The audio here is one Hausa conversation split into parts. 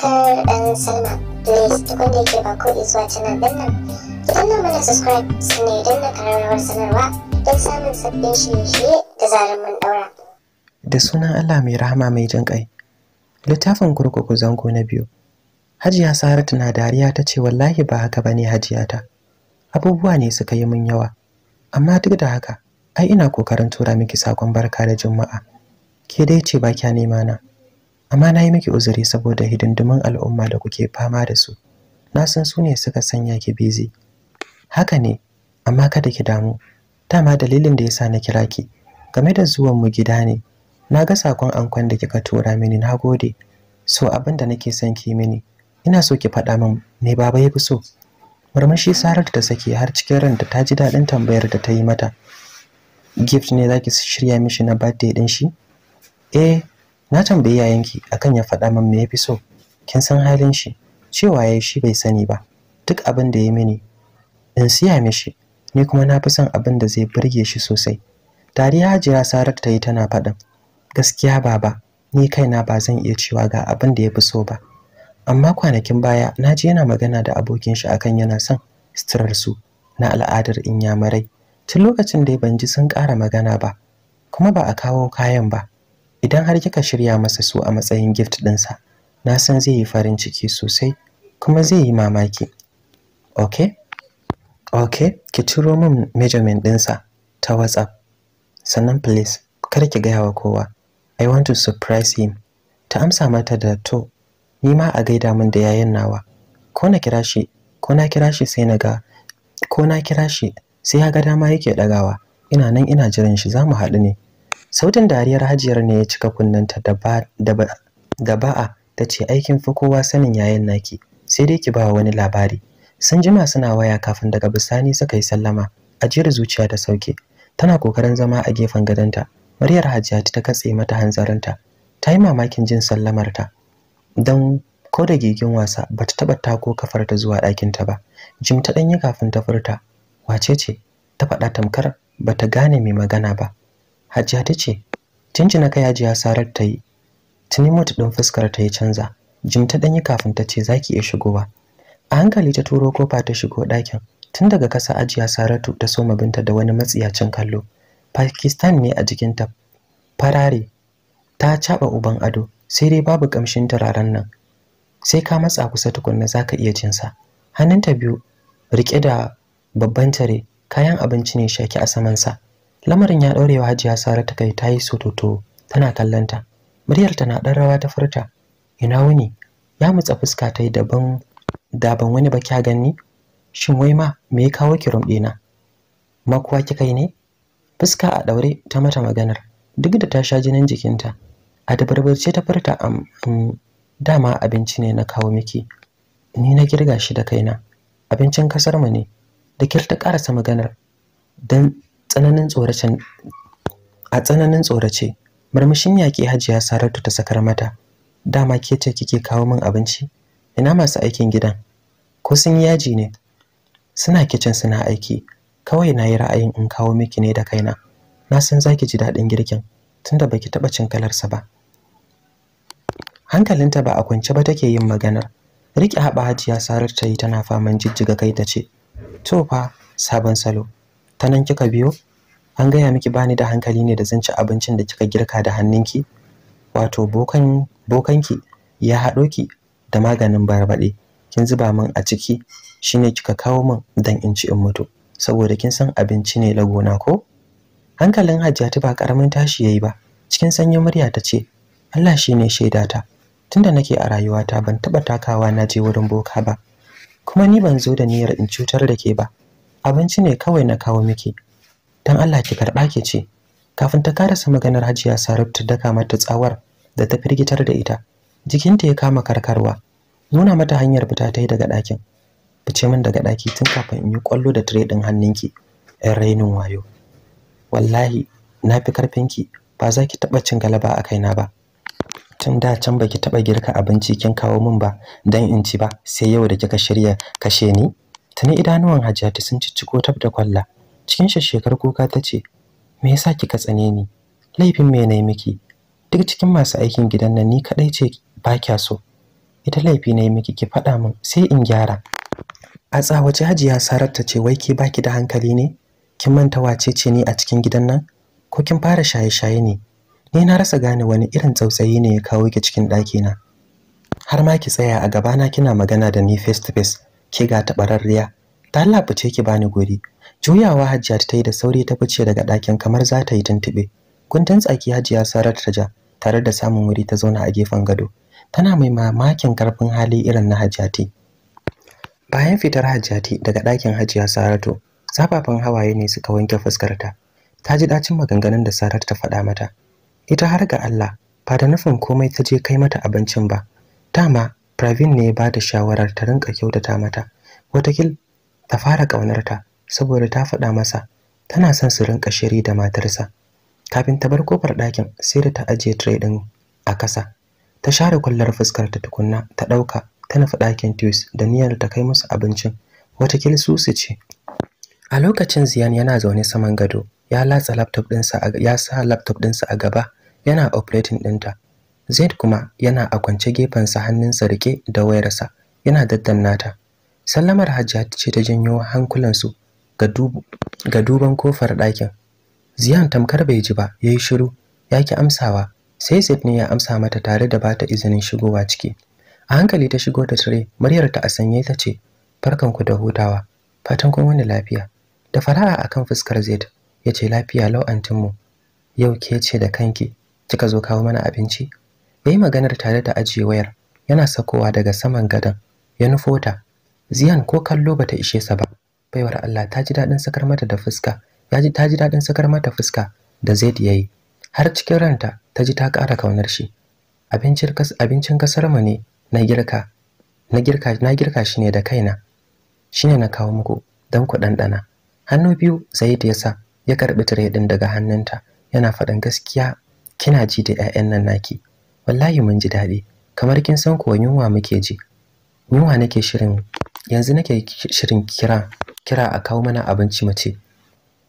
subscribe and sign up. Please tukun da yake ba ko zuwa canal din nan. Ki danna mana subscribe sannan idan na kararrawar sanarwa don samun sabbin shirye-shirye da zarar mun daura. Da sunan Allah mai rahama mai jin ƙai. Littafin kurkuku zango na biyu. Hajiya Saratu na dariya ta ce wallahi ba haka ba bane hajiyata. Abubuwa ne suka yi min yawa. Amma duk da haka, ai ina ƙoƙarin tura miki sakon barka da Juma'a. Ke dai ce ba kya nema na. amma na yi miki uzuri saboda hidindimin al'umma da kuke fama da su na san su ne suka sanya ki bizi haka ne amma kada ki damu dama dalilin da yasa na kira ki game da zuwan mu gida ne na ga sakon ankon da kika tura mini na gode so abin da nake son ki mini ina so ki faɗa min me baba ya fi so murmushi sarar ta sake har cikin ranta ta ji daɗin tambayar da ta yi mata gift ne zaki shirya mishi na birthday din shi eh na tambayi yayanki akan ya faɗa min me yafi so kin san halin shi cewa yayi shi bai sani ba duk abin da ya mini in siya mishi ni kuma na fi son abin da zai burge shi sosai tari hajiya sarar ta yi tana faɗin gaskiya baba ni kaina ba zan iya cewa ga abin da ya fi so ba amma kwanakin baya na ji yana magana da abokin shi akan yana son sitirar su na al'adar inyamurai tun lokacin da ban ji sun ƙara magana ba kuma ba a kawo kayan ba idan har kika shirya masa su a matsayin gift ɗinsa na san zai yi farin ciki sosai kuma zai yi mamaki okay okay ki ciro min measurement ɗinsa ta whatsapp sannan please kar ki gaya wa kowa i want to surprise him ta amsa mata da to ni ma a gaida min da yayin nawa ko na kira shi ko na kira shi sai na ga ko na kira shi sai ya ga dama yake dagawa. ina nan ina jiran shi zamu mu haɗu ne sautin dariyar hajiyar ne ya cika kunnanta da ba'a ta ce aikin fi kowa sanin yayin naki sai dai ki ba wani labari sun jima suna waya kafin daga bisani suka yi sallama ajiyar zuciya ta sauke tana kokarin zama a gefen gadonta muryar hajiya ta katse mata hanzarinta ta yi mamakin jin sallamarta don ko da gigin wasa ba ta taɓa tako kafarta zuwa ɗakinta ba jim ta ɗanyi kafin ta furta wace ce ta faɗa tamkar ba ta gane mai magana ba Hajiya ta ce, ka yaji ya Sarar ta yi, tuni mutu ɗin fuskar ta yi canza, jim ta ɗanyi kafin ta ce za ki iya shigowa. A hankali ta turo kofa ta shigo ɗakin, tun daga kasa ajiya Saratu ta soma binta da wani matsiyacin kallo. Pakistan ne a jikinta, farare, ta caɓa uban ado, sai dai babu ƙamshin turaren nan. Sai ka matsa kusa tukunna za ka iya jinsa. ta biyu, riƙe da babban tare, kayan abinci ne shaki a samansa. lamarin ya ɗaurewa hajiya sara ta kai ta yi sototo tana kallonta muryar na ɗan rawa ta furta ina wani ya mutsa fuska ta yi daban da wani ba kya ganni shin wai ma me ya kawo kirum ɗina makuwa kika yi ne fuska a ɗaure ta mata maganar duk da ta sha jinin jikinta a dabarbarce ta furta am dama abinci ne na kawo miki ni na girga shi da kaina abincin kasar mu ne da kirta karasa maganar dan tsananin tsoracin a tsananin tsorace murmushin yaƙi hajiya saratu ta sakar mata dama ke ce kike kawo min abinci ina masu aikin gidan ko sun yaji ne suna kicin suna aiki kawai na yi ra'ayin in kawo miki ne da kaina na san za ki ji daɗin girkin tunda baki taɓa cin kalarsa ba hankalinta ba a kwance ba take yin maganar riƙe haɓa hajiya Saratu ta yi tana faman jijjiga kai ta ce to fa sabon salo ta nan kika biyo an gaya miki bani da hankali ne da zan ci abincin da kika girka da hannunki wato bokan bokanki ya haɗo ki da maganin barbaɗe kin zuba min a ciki shine kika kawo min dan in ci in mutu saboda kin san abinci ne lagona ko hankalin hajjati ba karamin tashi yayi ba cikin sanyin murya ta ce Allah shine shaidata tunda nake a rayuwata ban taba takawa na je wurin boka ba kuma ni ban zo da niyyar in cutar da ke ba abinci ne kawai na kawo miki Don Allah ki karɓa ki ce kafin ta karasa maganar Hajiya Saratu ta daka mata tsawar da ta firgitar da ita jikinta ya kama karkarwa nuna mata hanyar fita ta yi daga ɗakin fice min daga ɗaki tun kafin in yi kwallo da tire ɗin hannunki yan rainin wayo wallahi na fi karfinki ba za ki taɓa cin galaba a kai na ba tun da can baki taɓa girka abinci kin kawo min ba don in ci ba sai yau da kika shirya kashe ni tuni idanuwan ta sun cicciko tab da kwalla cikin shekar kuka ta ce me yasa kika tsane ni laifin me nayi miki duk cikin masu aikin gidan nan ni kadai ce ba kya so ita laifi yi miki ki faɗa min sai in gyara a tsawace hajiya sarar ta ce wai ki baki da hankali ne kin manta wace ce ni a cikin gidan nan ko kin fara shaye-shaye ne ni na rasa gane wani irin tsautsayi ne ya kawo ki cikin ɗakina har ma ki tsaya a gabana kina magana da ni face to face ki ga taɓararriya ta Allah fice ki bani guri juyawa Hajiya ta yi da sauri ta fice daga ɗakin kamar za ta yi tuntuɓe kuntun tsaki Hajiya Sarar ta ja tare da samun wuri ta zauna a gefen gado tana mai mamakin karfin hali irin na Hajjati bayan fitar Hajjati daga ɗakin Hajiya Saratu zafafan hawaye ne suka wanke fuskarta ta ji dacin maganganun da Saratu ta faɗa mata ita har ga Allah ba da nufin komai ta je kai mata abincin ba dama Pravin ne ya ba shawarar ta rinka kyautata mata. Watakil ta fara ƙaunarta saboda ta faɗa masa tana son su rinka shiri da matarsa. Kafin ta bar kofar ɗakin sai da ta ajiye tray ɗin a kasa. Ta share kwallar fuskar ta tukunna ta ɗauka ta nufi ɗakin Tews da niyyar ta kai musu abincin. Watakil su su ce. A lokacin Ziyan yana zaune saman gado ya latsa sa laptop ɗinsa a gaba yana operating ɗinta. Zaid kuma yana a kwance gefensa hannunsa rike da wayarsa yana daddanna ta. Sallamar Hajjat ce ta janyo hankulansu ga duban kofar ɗakin. Ziyan tamkar bai ji ba, ya yi shiru, ya ki amsawa, sai Zaid ne ya amsa mata tare da bata izinin shigowa ciki. A hankali ta shigo da tire, muryar ta a sanye ta ce, "Farkanku da hutawa, fatan kun wani lafiya." Da fara'a kan fuskar Zaid, yace lafiya lau antinmu. Yau ke ce da kanki, kika zo kawo mana abinci? yayi maganar tare da ajiye wayar yana sakowa daga saman gadon ya nufo ta ziyan ko kallo bata ishe sa ba baiwar Allah ta ji dadin sakar mata da fuska ya ji ta ji dadin sakar mata fuska da Zaid yayi har cikin ranta ta ji ta ƙara kaunar shi abincin kas abincin kasar mu ne na girka na girka na girka shi ne da kaina shine na kawo muku dan ku dandana hannu biyu Zaid ya sa ya karɓi tire din daga hannunta yana faɗin gaskiya kina ji da 'ya'yan nan naki wallahi mun ji daɗi kamar kin san kuwa yunwa muke ji yunwa nake shirin yanzu nake shirin kira kira a kawo mana abinci mace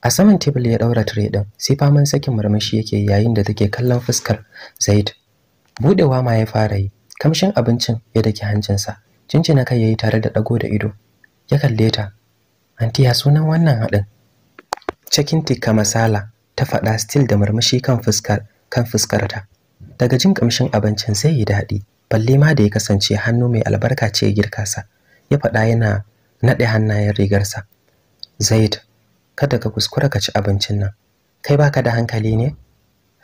a saman tebul ya daura tire din sai faman sakin murmushi yake yayin da take kallon fuskar Zaid budewa ma ya fara yi kamshin abincin ya dake hancinsa cincina kai yayi tare da dago da ido ya kalle ta anti ya sunan wannan hadin cikin tikka masala ta faɗa still da murmushi kan fuskar kan fuskarta daga jin kamshin abincin sai yi daɗi balle ma da ya kasance hannu mai albarka ce ya girka sa ya faɗa yana naɗe hannayen rigarsa zaid kada ka kuskura ka ci abincin nan kai baka da hankali ne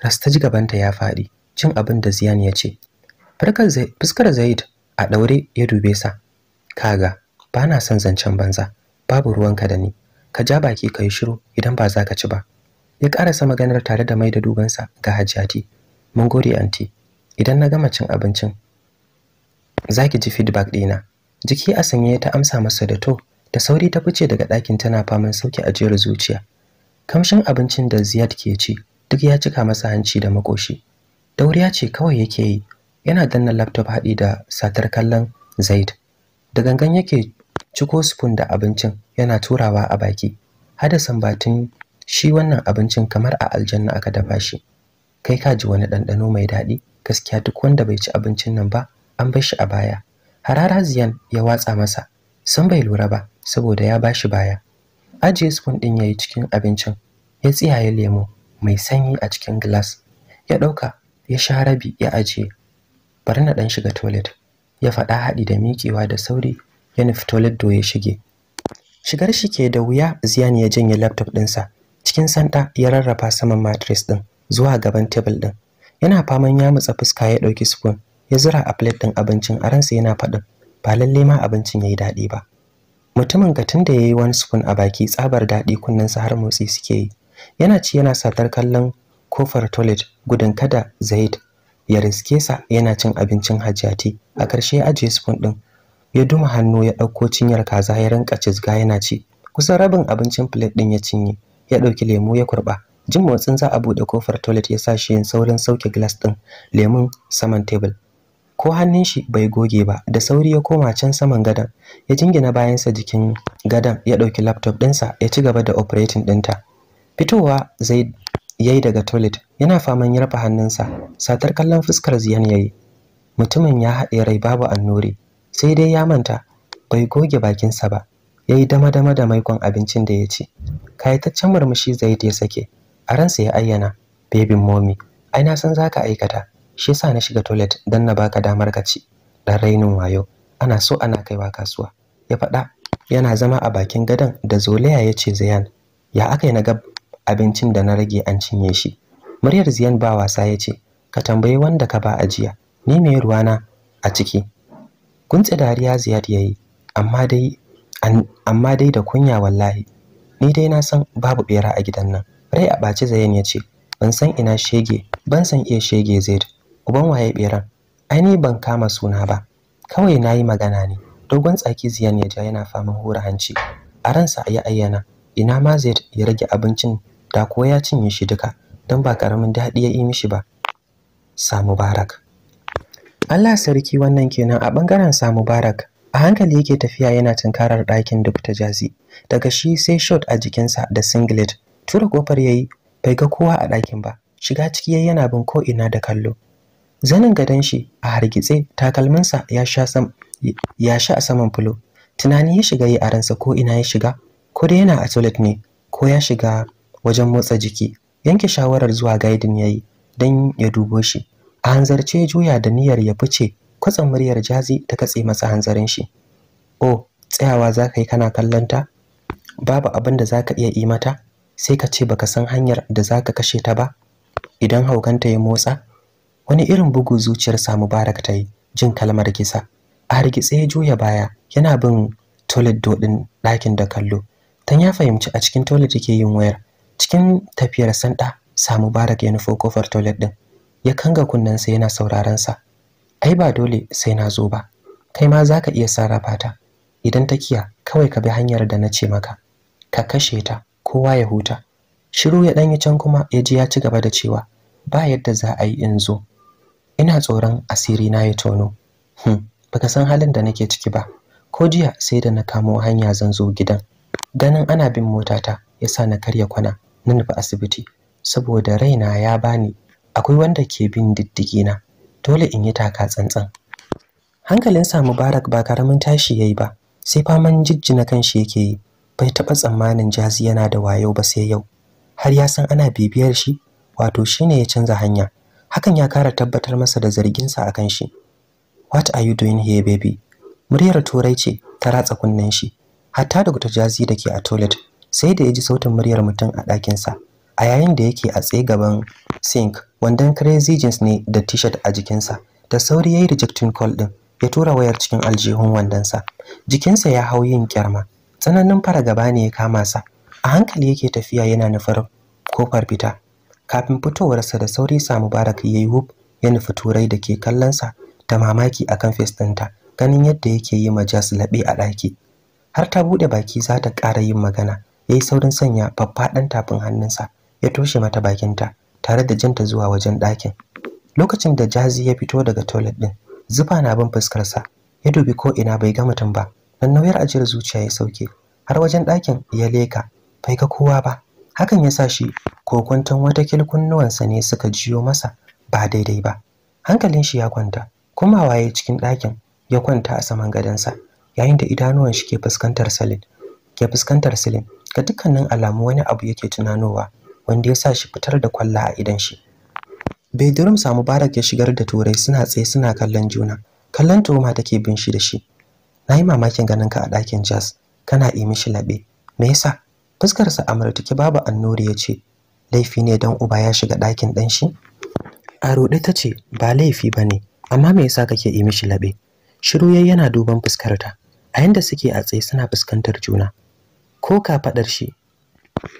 rasta ji gabanta ya faɗi cin abin da ziyan ya ce fuskar zaid a ɗaure ya dube sa kaga ba na son zancen banza babu ruwanka da ni ka ja baki ka yi shiru idan ba za ka ci ba ya ƙarasa maganar tare da mai da dubansa ga hajjati mun gode anti idan na gama cin abincin zaki ji feedback dina jiki a sanye ta amsa masa da to da sauri ta fice daga ɗakin tana faman sauki ajiyar zuciya kamshin abincin da Ziyad ke ci duk ya cika masa hanci da makoshi dauriya ce kawai yake yi yana danna laptop haɗi da satar kallon Zaid da gangan yake ciko spoon da abincin yana turawa a baki hada sambatin shi wannan abincin kamar a aljanna aka dafa shi kai ka ji wani ɗanɗano mai daɗi gaskiya duk wanda bai ci abincin nan ba an bar shi a baya harara ziyan ya watsa masa san bai lura ba saboda ya ba shi baya ajiye spoon ɗin ya yi cikin abincin ya tsiyaye lemu mai sanyi a cikin glass ya ɗauka ya sha rabi ya ajiye bari na ɗan shiga toilet ya faɗa haɗi da miƙewa da sauri ya nufi toilet do ya shige shigar shi ke da wuya ziyan ya janye laptop ɗinsa cikin santa ya rarrafa saman mattress ɗin zuwa gaban tebul din yana faman ya mutsa fuska ya dauki spoon ya zura a plate din abincin a ransa yana faɗin ba lalle ma abincin yayi daɗi ba mutumin ga tunda yayi wani spoon a baki tsabar daɗi sa har motsi suke yi yana ci yana satar kallon kofar toilet gudun kada Zaid ya riske sa yana cin abincin hajjati a ƙarshe ya ajiye spoon din ya duma hannu ya ɗauko cinyar kaza ya rinka cizga yana ci kusan rabin abincin plate ɗin ya cinye ya ɗauki lemu ya kurɓa jin motsin za a buɗe kofar toilet ya sa shi yin saurin sauke glass ɗin lemun saman tebul ko hannun shi bai goge ba da sauri ya koma can saman gadon ya jingina bayansa jikin gadon ya ɗauki laptop ɗinsa ya ci gaba da operating ɗinta fitowa zai yayi daga toilet yana faman yarfa hannunsa satar kallon fuskar ziyan yayi mutumin ya haɗe rai babu annuri sai dai ya manta bai goge bakinsa ba yayi dama dama da maikon abincin da ya ci kayataccen murmushi zaid ya sake a ransa ya ayyana babin momi ai na san zaka aikata shi yasa na shiga toilet dan na baka damar ka ci dan rainin wayo ana so ana kaiwa kasuwa ya faɗa yana zama a bakin gadon da zolaya ya ce zayan ya aka yi na gab abincin da na rage an cinye shi muryar ziyan ba wasa ya ce ka tambayi wanda ka ba ajiya ni me ruwana a ciki kuntsa dariya ziyad yayi amma dai amma dai da kunya wallahi ni dai na san babu bera a gidan nan rai a ɓaci zayan ya ce ban san ina shege ban san iya shege zaid uban waye beran ai ni ban kama suna ba kawai na yi magana ne dogon tsaki ziyan ya ja yana faman hura hanci a ransa a yi ayyana ina ma zaid ya rage abincin da ko ya cinye shi duka don ba karamin daɗi ya yi mishi ba Samu Barak. Allah sarki wannan kenan a ɓangaren sa Barak, a hankali yake tafiya yana tunkarar ɗakin duk ta jazi daga shi sai shot a jikinsa da singlet tura kofar yayi bai ga kowa a ɗakin ba shiga ciki yayi yana bin ko ina da kallo zanin gadon shi a hargitse takalminsa ya sha sam ya sha a saman fulo tunani ya shiga yi a ko ina ya shiga ko dai yana a toilet ne ko ya shiga wajen motsa jiki yanke shawarar zuwa gaidin yayi dan ya dubo shi a hanzarce juya da niyyar ya fice kwatsan muryar jazi ta katse masa hanzarin shi oh tsayawa za ka yi kana kallon ta babu abin da za ka iya yi mata sai ka ce baka san hanyar da za ka kashe ta ba idan hauganta ya motsa wani irin bugu zuciyar sa Mubarak ta yi jin kalmar kisa a hargitse ya juya baya yana bin toilet dodin ɗakin da kallo tan ya fahimci a cikin toilet yake yin wayar cikin tafiyar sanda samu baraka ya nufo kofar toilet din ya kanga kunnensa yana sauraron sa ai ba dole sai na zo ba kai ma zaka iya sarrafa ta idan ta kiya kawai ka bi hanyar da na ce maka ka kashe ta kowa ya huta shiru ya danyi can kuma ya ji ya ci gaba da cewa ba yadda za a yi in zo ina tsoron asiri na ya tono hmm. baka san halin da nake ciki ba ko jiya sai da na kamo hanya zan zo gidan ganin ana bin motata yasa na karya kwana na nufi asibiti saboda raina ya bani akwai wanda ke bin diddigi na dole in yi taka tsantsan hankalinsa mubarak ba karamin tashi yayi ba sai faman jijjina kanshi yake yi bai taɓa tsammanin jazi yana da wayo ba sai yau har ya san ana bibiyar shi wato shine ya canza hanya hakan ya kara tabbatar masa da zarginsa a kan shi what are you doing here baby muryar turai ce ta ratsa kunnen shi hatta da ta jazi da ke a toilet sai da ya ji sautin muryar mutum a ɗakinsa a yayin da yake a tsaye gaban sink wandon crazy jeans ne da t-shirt a jikinsa da sauri ya yi rejecting call ɗin ya tura wayar cikin aljihun wandonsa jikinsa ya hau yin kyarma tsananin fargaba ne ya kama sa a hankali yake tafiya yana nufar kofar fita kafin fitowarsa da sauri sa mubarak ya yi ya nufi turai da ke kallonsa ta mamaki akan fes ɗinta ganin yadda yake yi ma jas laɓe a ɗaki har ta buɗe baki za ta ƙara yin magana ya yi saurin sanya faffaɗan tafin hannunsa ya toshe mata bakinta tare da jinta zuwa wajen ɗakin lokacin da jazi ya fito daga toilet ɗin zufa na bin fuskarsa ya dubi ko ina bai ga mutum ba dan nauyar ajiyar zuciya ya sauke har wajen ɗakin ya leka bai ga kowa ba hakan ya sa shi kokwanton wata kunnuwansa ne suka jiyo masa ba daidai ba hankalin shi ya kwanta kuma waye cikin ɗakin ya kwanta a saman gadonsa yayin da idanuwan shi ke fuskantar salin ke fuskantar silin ga dukkanin alamu wani abu yake tunanowa wanda ya sa shi fitar da kwalla a idan shi bedroom samu barak ya shigar da turai suna tsaye suna kallon juna kallon tuhuma take bin shi da shi na yi mamakin ganin ka a ɗakin jazz kana yi mishi laɓe me yasa fuskarsa a babu annori ya ce laifi ne don uba ya shiga ɗakin ɗan shi a ruɗe ta ce ba laifi ba ne amma me yasa kake yi mishi laɓe shiru ya yana duban fuskarta a yanda suke a tsaye suna fuskantar juna ko ka faɗar shi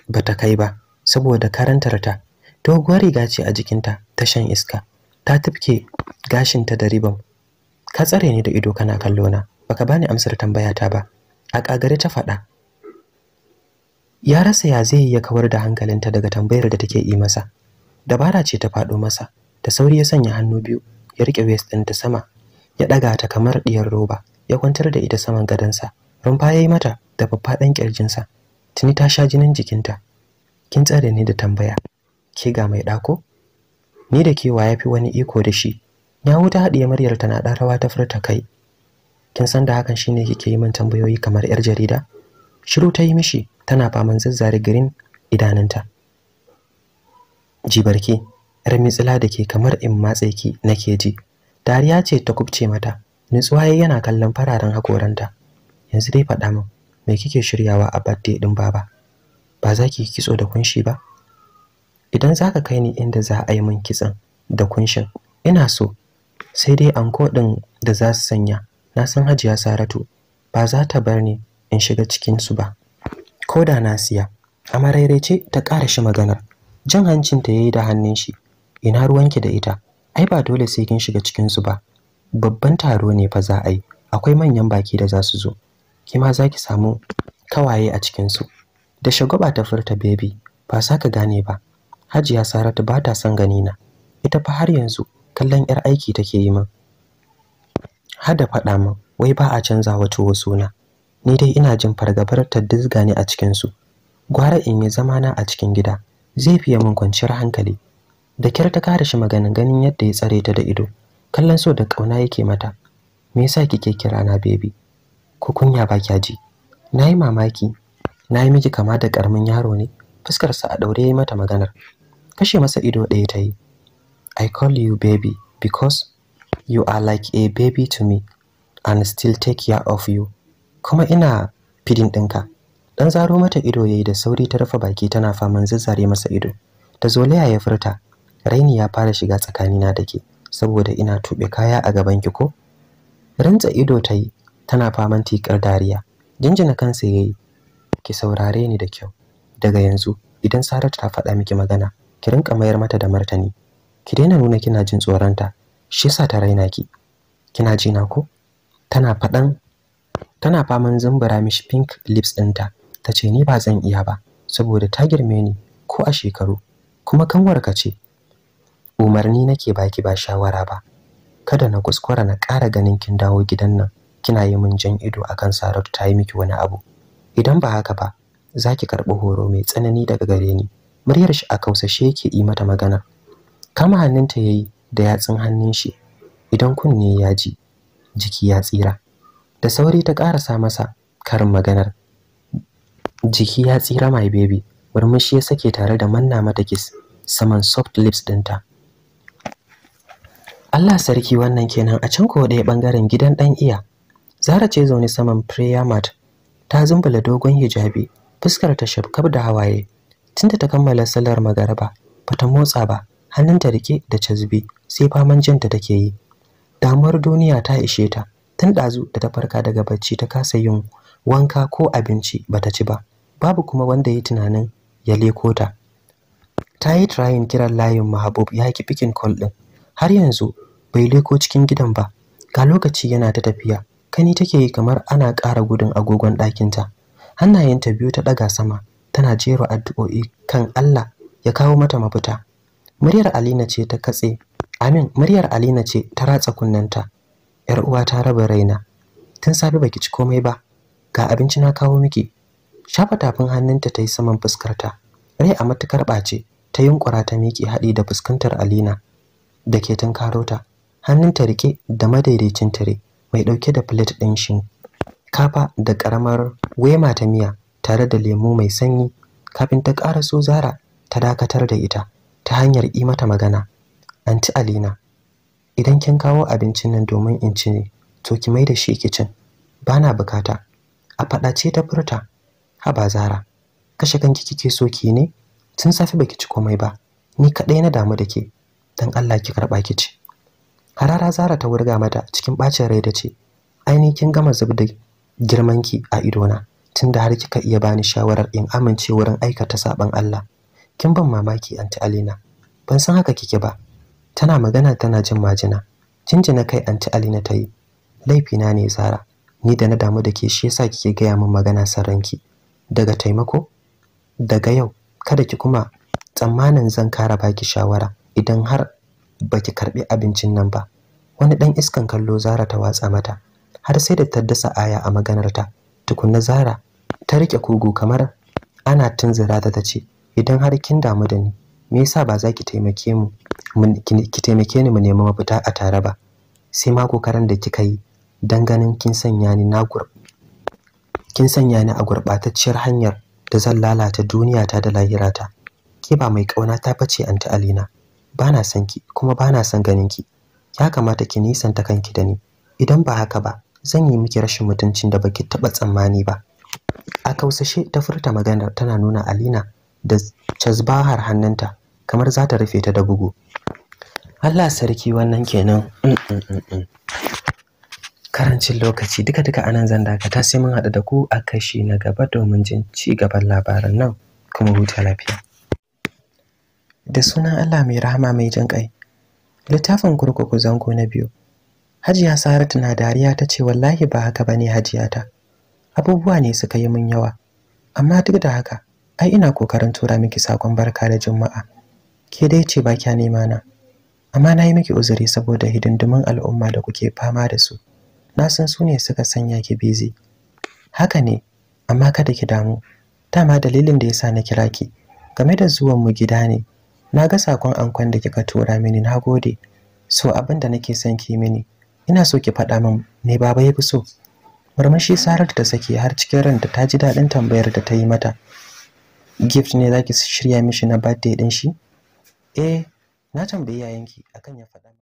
ba ta kai ba saboda karantar ta. doguwar riga ce a jikinta ta shan iska ta tafke gashinta da ribam ka tsare ni da ido kana kallo na baka bani amsar tambayata ba a kagare ta faɗa ya rasa ya zai ya kawar da hankalinta daga tambayar da take yi masa dabara ce ta faɗo masa da sauri ya sanya hannu biyu ya rike waist ta sama ya ɗaga ta kamar diyar roba ya kwantar da ita saman sa. rumfa ya yi mata da faffaɗan sa. tuni ta sha jinin jikinta kin tsare ni da tambaya ke ga mai ɗako ni da kewa ya fi wani iko da shi ya wuta haɗiye muryar na ɗan rawa ta furta kai kin san da hakan shine kike yi min tambayoyi kamar yar jarida shiru ta yi mishi tana faman zazzare green idananta jibarki yar mitsila da ke kamar in matse ki nake ji dariya ce ta kubce mata nutsuwa yana kallon fararen hakoranta yanzu dai faɗa min me kike shiryawa a birthday din baba ba za ki kitso da kunshi ba idan za ka kai ni inda za a yi min kitson da kunshin ina so sai dai anko din da za su sanya na san hajiya saratu ba za ta bar ni in shiga cikin su ba ko da na siya a ta ƙara shi maganar jan hancin ta yayi da hannun shi ina ruwanki da ita ai ba dole sai kin shiga cikin su ba babban taro ne fa za a yi akwai manyan baki da za su zo ki ma za ki samu kawaye a cikin su da shagwaba ta furta baby ba sa ka gane ba hajiya saratu ba ta son ganina ita fa har yanzu kallon yar aiki take yi min har da faɗa min wai ba a canza wa tuwo suna ni dai ina jin fargabar ta dizga ne a cikinsu gwara in yi zamana a cikin gida zai fiye min kwanciyar hankali da kyar ta kare shi maganin ganin yadda ya tsare ta da ido kallon so da ƙauna yake mata me yasa kike kira na baby ko kunya ba kya ji nayi mamaki Na yi miki kama da karamin yaro ne Fuskarsa a daure yayi mata maganar kashe masa ido ɗaya ta yi i call you baby because You are like a baby to me and still take care of you. Kuma ina fidin ɗinka. Ɗan zaro mata ido yayi da sauri ta rufe baki tana faman zazzare masa ido. Da zolaya ya furta, raini ya fara shiga tsakanina da ke saboda ina tuɓe kaya a gaban ki ko? Rantsa ido ta yi tana faman tikar dariya. Jinjina kansa yayi. Ki saurare ni da kyau. Daga yanzu idan Saratu ta faɗa miki magana, ki rinka mayar mata da martani. Ki daina nuna kina jin tsoronta shi yasa ta raina ki kina ji na ko tana fadan tana faman zumbura mishi pink lips dinta, tace ni ba zan iya ba saboda ta girme ni ko a shekaru kuma kanwarka ce umarni nake baki ba shawara ba kada na kuskura na ƙara ganin kin dawo gidan nan kina yi min jan ido akan Saratu ta yi miki wani abu idan ba haka ba za ki karɓi horo mai tsanani daga gare ni muryar shi a kausashe yake yi mata magana kama hannunta yayi da yatsun hannun shi idan kunne ya ji jiki ya tsira da sauri ta ƙarasa masa karin maganar jiki ya tsira my baby murmushi ya sake tare da manna mata kiss saman soft lips ɗinta Allah sarki wannan kenan a can ko ɗaya ɓangaren gidan ɗan iya Zara ce zaune saman prayer mat ta zumbula dogon hijabi fuskar ta shafkaf da hawaye tunda ta kammala sallar magaraba bata motsa ba hannunta rike da cazube sai faman jinta take yi Damar duniya ta ishe ta tun ɗazu da ta farka daga bacci ta kasa yin wanka ko abinci bata ci ba babu kuma wanda ya tunanin ya leko ta ta yi trying kiran layin mahabub ya ki pikin call din. har yanzu bai leko cikin gidan ba ga lokaci yana ta tafiya kani take yi kamar ana ƙara gudun agogon ɗakinta hannayenta biyu ta ɗaga sama tana jera addu'o'i kan Allah ya kawo mata mafita muryar alina ce ta katse amin muryar alina ce ta ratsa kunnanta yar uwa ta raba raina tun safe baki ci komai ba ga abinci na kawo miki shafa tafin hannunta ta yi saman fuskarta rai a matukar ɓace ta yunkura ta miƙe haɗi da fuskantar alina da ke tunkaro ta hannunta rike da madaidaicin tare mai ɗauke da plate ɗin shi. kafa da ƙaramar wema ta miya tare da lemu mai sanyi kafin ta ƙara so zara ta dakatar da ita ta hanyar yi mata magana anti alina idan kin kawo abincin nan domin in ci ne to ki mai da shi kicin bana bukata a faɗace ta furta haba zara kashe kanki kike so ki ne tun safi baki ci komai ba ni kaɗai na damu da ke dan Allah ki karɓa ki ci harara zara ta wurga mata cikin ɓacin rai da ce aini kin gama zub da girmanki a idona tunda har kika iya bani shawarar in amince wurin aikata saban Allah kin ban mamaki anti Alina ban san haka kike ba tana magana tana jin majina jinjina kai anti Alina ta yi laifi na ne Zara ni da na damu da ke shi yasa kike gaya min magana ranki daga taimako daga yau kada ki kuma tsammanin zan kara baki shawara idan har baki karbi abincin nan ba wani dan iskan kallo Zara ta watsa mata har sai da ta dasa aya a maganarta tukunna Zara ta rike kugu kamar ana tunzura ta ce. idan har kin damu da ni me yasa ba za ki taimake mu ki taimake ni mu nemi mafita a tare ba sai ma kokarin da kika yi dan ganin kin sanya ni na kin sanya ni a gurbatacciyar hanyar da zan lalata duniya ta da lahirata ke ba mai kauna ta bace anti alina bana son ki kuma bana son ganin ki ya kamata ki nisanta kanki da ni idan ba haka ba zan yi miki rashin mutuncin da baki taɓa tsammani ba a kausashe ta furta maganar tana nuna alina da cazbahar hannunta kamar za ta rufe ta da bugu Allah sarki wannan kenan mm, mm, mm, karancin lokaci duka duka anan zan dakata sai mun haɗu da ku a kashi na gaba domin jin ci gaban labaran nan kuma huta lafiya da sunan Allah mai rahama mai jin kai littafin kurkuku zango na biyu Hajiya Saratu na dariya ta ce wallahi ba haka bane Hajiya ta abubuwa ne suka yi mun yawa amma duk da haka ai ina kokarin tura miki sakon barka da juma'a ke dai ce ba kya nema na amma na yi miki uzuri saboda hidindimin al'umma da kuke fama da su na san su ne suka sanya ki bizi haka ne amma kada ki damu dama dalilin da ya sa na kira ki game da zuwan mu gida ne na ga sakon ankon da kika tura mini na gode so abin da nake son ki mini ina so ki faɗa min me baba ya fi so murmushi sarar ta saki har cikin ranta ta ji daɗin tambayar da ta yi mata gift ne zaki shirya mishi na birthday din shi eh na tambayi yayanki akan ya faɗa